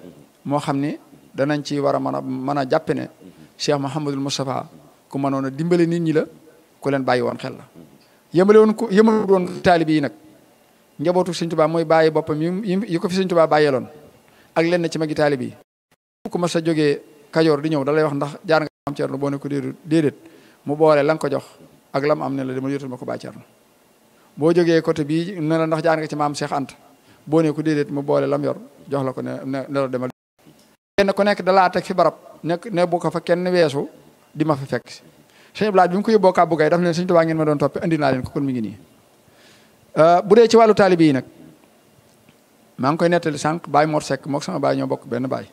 Speaker 2: moo xam ni danañ ci war a mën a mën a jàppe ne Cheikh Mouhamadul Moustapha ku mënoon a dimbale nit ñi la ku leen bàyyi woon xel la yëmale woon ku yëmale woon taalibe yi nag njabootu Sëñ Tuubaa mooy bàyyi boppam yi yi ko fi Sëñ Tuubaa bàyyeeloon ak lenn ci magi taalibe yi ko mas a jógee Kajoor di ñëw da wax ndax jaar nga am Cerno boo ne ko déedéet déedéet mu boole la nga ko jox ak lam am ne la dama yotal ma ko bàyyi Cerno boo jógee côté bii ne la ndax jaar nga ci maam Cheikh boo ne ko déedéet mu boole lam yor jox la ko ne ne la demal ku nekk dalaa teg fi barab nekk ne bu ko fa kenn weesu di ma fa fekk si sëñ blaaj bi mu ko yóbboo kàbbu gay daf leen sëñ Tuubaa ngeen ma doon topp indi naa leen ko kon mi ngi nii euh, bu dee ci wàllu taalibe yi nag maa ngi koy nettali sànq Baye Mor sekk moo sama baay ñoo bokk benn baay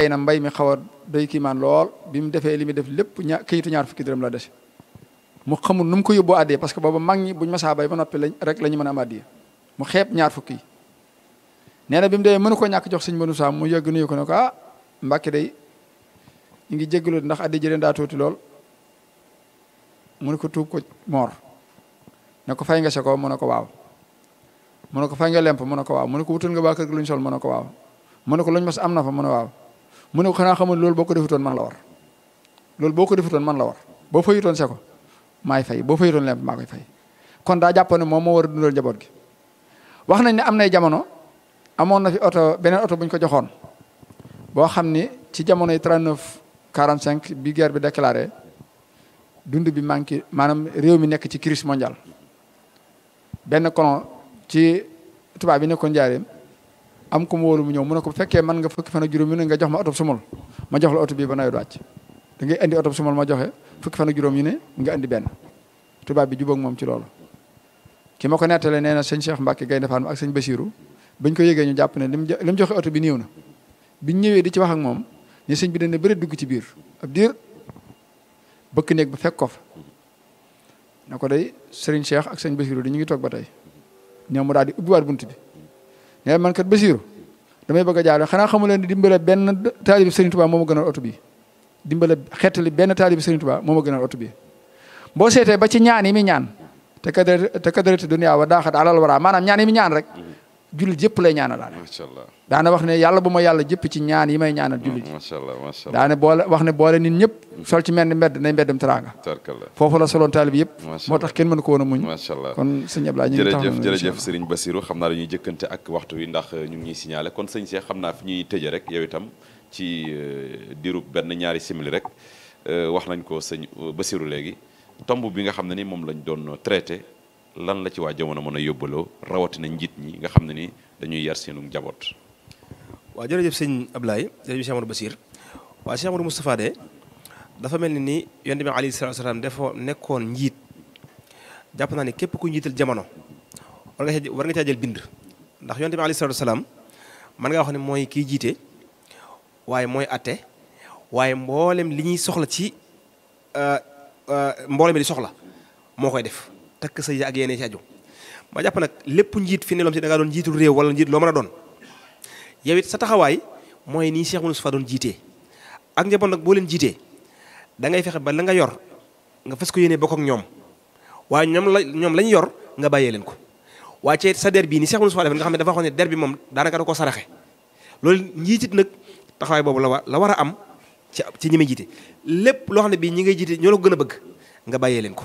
Speaker 2: ay na mbay mi xaw a doy kiimaan lool bi mu defee li mu def lépp ña këyitu ñaar fukki dërëm la dese mu xamul nu mu ko yóbboo àddee parce que booba mag ñi buñ masaa bay ba noppi lañ rek la ñu mën a am àddee mu xeeb ñaar fukki yi na bi mu dee mënu koo ñàkk jox sëñ nu Saam mu yëgg nuyu ko ne ko ah Mbàkke day ñu ngi jégalu ndax addi jëleen daa tuuti lool mu ne ko tuub ko moor ne ko fay nga sa ko mu ne ko waaw mu ne ko fay nga lemp mu ne ko waaw mu ne ko wutal nga baa kër gi lu sol mu ne ko waaw mu ne ko lu ñu am na fa mu ne waaw mu ne ko xanaa xamul loolu boo ko defutoon man la war loolu boo ko defutoon man la war boo fayutoon sa ko maay fay boo fayutoon lemp maa koy fay kon daa jàppoon ne moom moo war a njaboot gi wax nañ ne am nay jamono amoon na fi oto beneen oto bu ko joxoon boo xam ni ci jamono yi 39 45 bi guerre bi déclaré dund bi manqué maanaam réew mi nekk ci crise mondiale benn colon ci tubaab yi nekkoon njaareem am ku mu wóolu mu ñëw mu ne ko fekkee mën nga fukki fan juróom yu ne nga jox ma oto sumul ma jox la oto bii ba nawet wàcc da indi oto sumul ma joxe fukki fan ak juróom yu ne nga indi benn tubaab bi jubóog moom ci loolu. ki ma ko nettalee nee na sëñ Cheikh Mbacke Gaynde Fatma ak sëñ Bachirou bañ ko yëgee ñu jàpp ne lim mu joxe oto bi néew na biñ ñëwee di ci wax ak moom ne sëñ bi dañ ne bëri dugg ci biir ab diir bëkk néeg ba fekk ko fa na ko day sëriñ Cheikh ak sëñ Bachirou di ñu ngi toog ba tey ñoom mu daal di ubbiwaat bunt bi nee man kat Bachirou damay bëgg a jaarale xanaa xamu leen ni dimbale benn taalibi sëriñ Touba moo ma gën oto bi dimbale xettali benn taalibi sëriñ Touba moo ma gënal oto bi boo seetee ba ci ñaan yi mi ñaan te kadar te kadarati dunia wa daaxat alal maanaam ñaan yi mu ñaan rek jullit yëpp lay ñaanalaale macha allah daana wax ne yàlla bu ma yàlla jëpp ci ñaan yi may ñaanal jullit yi daane boole wax ne boole nit ñëpp sol ci mel ni mbedd nay mbeddam teraanga foofu la soloon taalib yëpp moo tax kenn mënu ko woon a muñ macha allah kon sëñ Ablaye
Speaker 1: ñu ak waxtu wi ndax euh, ñu ngi ñuy signalé kon sëñ Cheikh xam naa fi ñuy tëje rek yow itam ci euh, diirub benn ñaari simili rek euh, wax nañ ko sëñ Bassirou léegi tomb bi nga xam ne ni moom lañ doon traité lan la ci waa jamono mën a yóbbaloo rawatina njiit ñi nga xam ne ni dañuy yar seenu njaboot.
Speaker 3: waaw jërëjëf sëñ Ablaye jërëjëf Cheikh Amadou Bassir waaw dafa mel ni ni yonent bi alayhi salaatu salaam dafa nekkoon njiit jàpp naa ne képp ku njiital jamono war nga caa war bind. ndax yonent bi alayhi salaatu salaam mën ngaa wax ne mooy kiy jiite waaye mooy atte waaye mboolem li ñuy soxla ci. Euh, Euh, mbooloo mi di soxla moo koy def takk sa ak yeneen ci aju ma jàpp nag lépp njiit fi ne loom si da ngaa doon njiitul réew wala njiit loo mën a doon yow it sa taxawaay mooy nii Cheikh Moustapha doon jiitee ak nag boo leen jiitee da fexe ba la nga yor nga fas ko yéene bokk ak ñoom waaye ñoom la ñoom lañ yor nga bàyyee leen ko sa der bii ni Cheikh Moustapha def nga xam ne dafa waxoon ne der bi moom daanaka da koo saraxe loolu njiitit nag taxawaay boobu la la war a am ci ci ñi may jiite lépp loo xam ne bii ñi ngay jiite ñoo la ko gën a bëgg nga bàyyee leen ko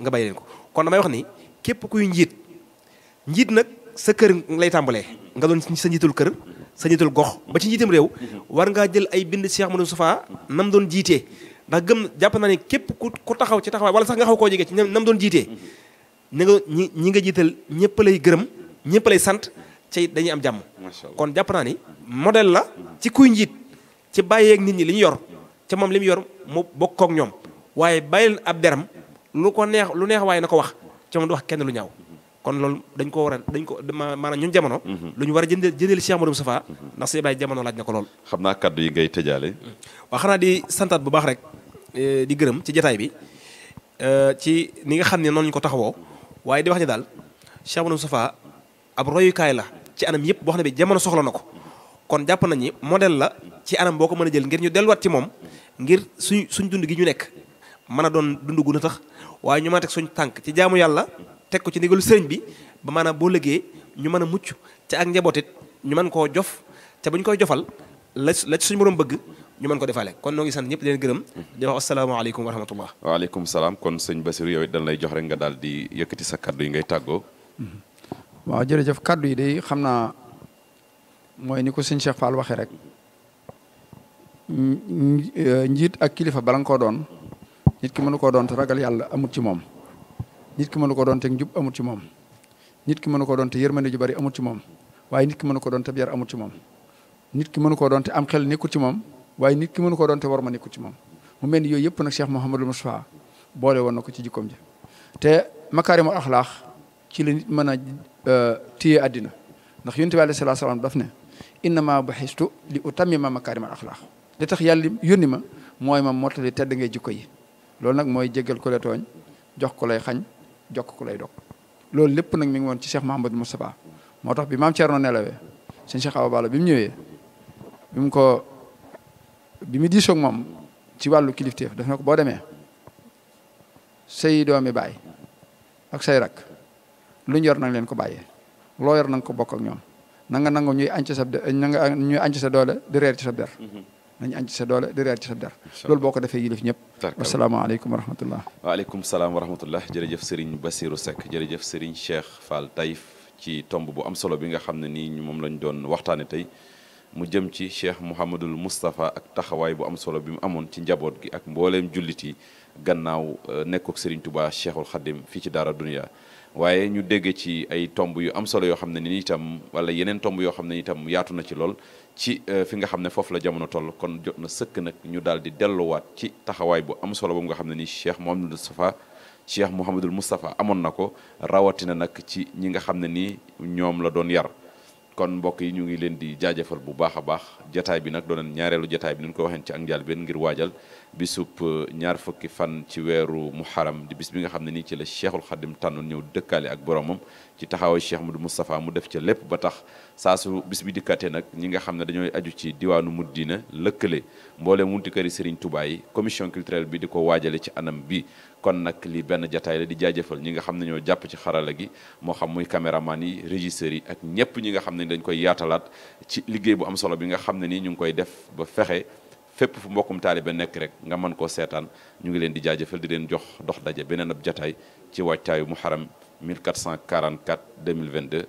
Speaker 3: nga bàyyee leen ko kon damay wax ni képp kuy njiit njiit nag sa kër lay tàmbalee nga doon sa njiitul kër sa njiitul gox ba ci njiitam réew war ngaa jël ay bind seex Cheikh Modou sofaa nam doon jiitee ndax gëm jàpp naa ne képp ku ku taxaw ci taxawaay wala sax nga xaw koo jege ci nam doon jiitee ñi nga ñi ñi nga jiital ñëpp lay gërëm ñëpp lay sant ci dañuy am jàmm njiit ci bàyyeeg nit ñi li ñu yor ca moom li mu yor mu bokkook ñoom waaye bàyyil ab deram lu ko neex lu neex waaye na ko wax ca moom du wax kenn lu ñaaw kon loolu dañ ko war a dañ ko maanaam ñun jamono mhm. lu ñu war a jënd jëndeel Cheikh Modou Moustapha mhm. ndax sa bàyyi laaj na ko lool
Speaker 1: xam naa kaddu yi ngay tëjaale mhm.
Speaker 3: waaw xanaa di santaat bu baax rek e, di gërëm ci jataay bi e, ci ni nga xam ne noonu ko taxawoo waaye di wax daal Cheikh Modou ab royukaay la ci anam yëpp boo na bi jamono soxla na ko kon jàpp nañu modèle la ci anam boo ko mën a jël ngir ñu delluwaat ci moom ngir suñ suñ dund gi ñu nekk mën a doon dund gu na tax waaye ñu mën a teg suñ tànk ci jaamu yàlla teg ko ci ndigalu sëñ bi ba maanaam boo lëgee ñu mën a mucc ca ak njabootit ñu mën koo jof ca bu ñu koy jofal la la ci suñu bëgg ñu mën ko defaale kon noo ngi sant ñëpp di gërëm
Speaker 2: di wax asalaamaaleykum wa rahmatullah
Speaker 1: waaleykum salaam kon sëñ Basiru yow it dañ lay jox rek nga daal di yëkkati sa kaddu yi ngay tàggoo
Speaker 2: mm-hmm. jërëjëf kaddu yi day xam naa mooy ni ko sëñ Cheikh waxee rek njiit ak kilifa bala nga koo doon nit ki mënu koo doon te ragal yàlla amut ci moom nit ki mënu koo doon te njub amut ci moom nit ki mënu koo doon te yërmande ju bari amut ci moom waaye nit ki mënu koo doon te yar amut ci moom nit ki mënu koo doon te am xel nekkul ci moom waaye nit ki mënu koo doon te war ma nekkul ci moom mu mel ni yooyu yëpp nag Cheikh Mouhamadul Moustapha boole woon na ko ci jikkoom ji te makaarimul axlaax ci la nit mën a euh, téye àddina ndax yonent bi alayhi salaatu wa salaam daf ne innama buxistu li utammima makaarimul axlaax li tax yàlla yónni ma mooy ma mottali tedd ngay jikko yi loolu nag mooy jéggal ku la tooñ jox ku lay xañ jokk ku lay dog loolu lépp nag mi ngi woon ci Cheikh Mahamadou Moustapha moo tax bi maam Thierno nelawee sëñ Cheikh Awa Balla bi mu ñëwee bi mu ko bi mu diisoog moom ci wàllu kilifteef daf na boo demee say doomi baay ak sey rak lu ñu yor nang leen ko bàyyee loo yor nang ko bokk ak ñoom nanga nga nangu ñuy ànc sa na nga ñuy ànc sa doole di reer ci sa der mm-hmm. nañu añ ci sa doole di reer ci sa dar loolu boo ko defee yilif ñëpp wasalaamaaleykum wa rahmatullah
Speaker 1: waaleykum salaam wa rahmatullah jërëjëf Serigne Bassirou Seck jërëjëf Serigne Cheikh Fall Taïf ci tomb bu am solo bi nga xam ne nii moom lañ doon waxtaane tey mu jëm ci Cheikh Mouhamadul mustafa ak taxawaay bu am solo bi mu amoon ci njaboot gi ak mbooleem jullit yi gannaaw euh, nekkook Serigne tubaa Cheikhul Khadim fii ci Daara Dunia waaye ñu dégg ci ay tomb yu am solo yoo xam ne nii itam wala yeneen tomb yoo xam ne itam yaatu na ci lool ci euh, fi nga xam ne foofu la jamono toll kon jot na sëkk nag ñu daal di delluwaat ci taxawaay bu am solo boobu nga xam ne ni Cheikh Mouhamadul Moustapha Cheikh Mouhamadul Moustapha amoon na ko rawatina nag ci ñi nga xam ne nii ñoom la doon yar. kon mbokk yi ñu ngi leen di jaajëfal bu baax a baax jataay bi nag doon ñaareelu jataay bi ñu ko waxeen ci ak njaal benn ngir waajal bisub euh, ñaar fukki fan ci weeru muharam di bis bi nga xam ne nii ci la cheikhul xadim tànnoon ñëw dëkkaale ak boromam ci taxaway cheikh Modou Moustapha mu def ca lépp ba tax saa su bis bi dikkatee nag ñi nga xam ne dañooy aju ci diwaanu Muddina lëkkale mboole munti këri Serigne tubaay yi commission culturel bi di ko waajale ci anam bi kon nag li benn jataay la di jaajëfal ñi nga xam ne ñoo jàpp ci xarala gi moo xam muy caméraman yi régisseurs yi ak ñëpp ñi nga xam ne dañ koy yaatalaat ci liggéey bu am solo bi nga xam ne nii ñu ngi koy def ba fexe fépp fu mbokkum taalibe nekk rek nga mën koo seetaan ñu ngi leen di jaajëfal di leen jox dox daje beneen ab jataay ci waajtaayu muharam 1444 2022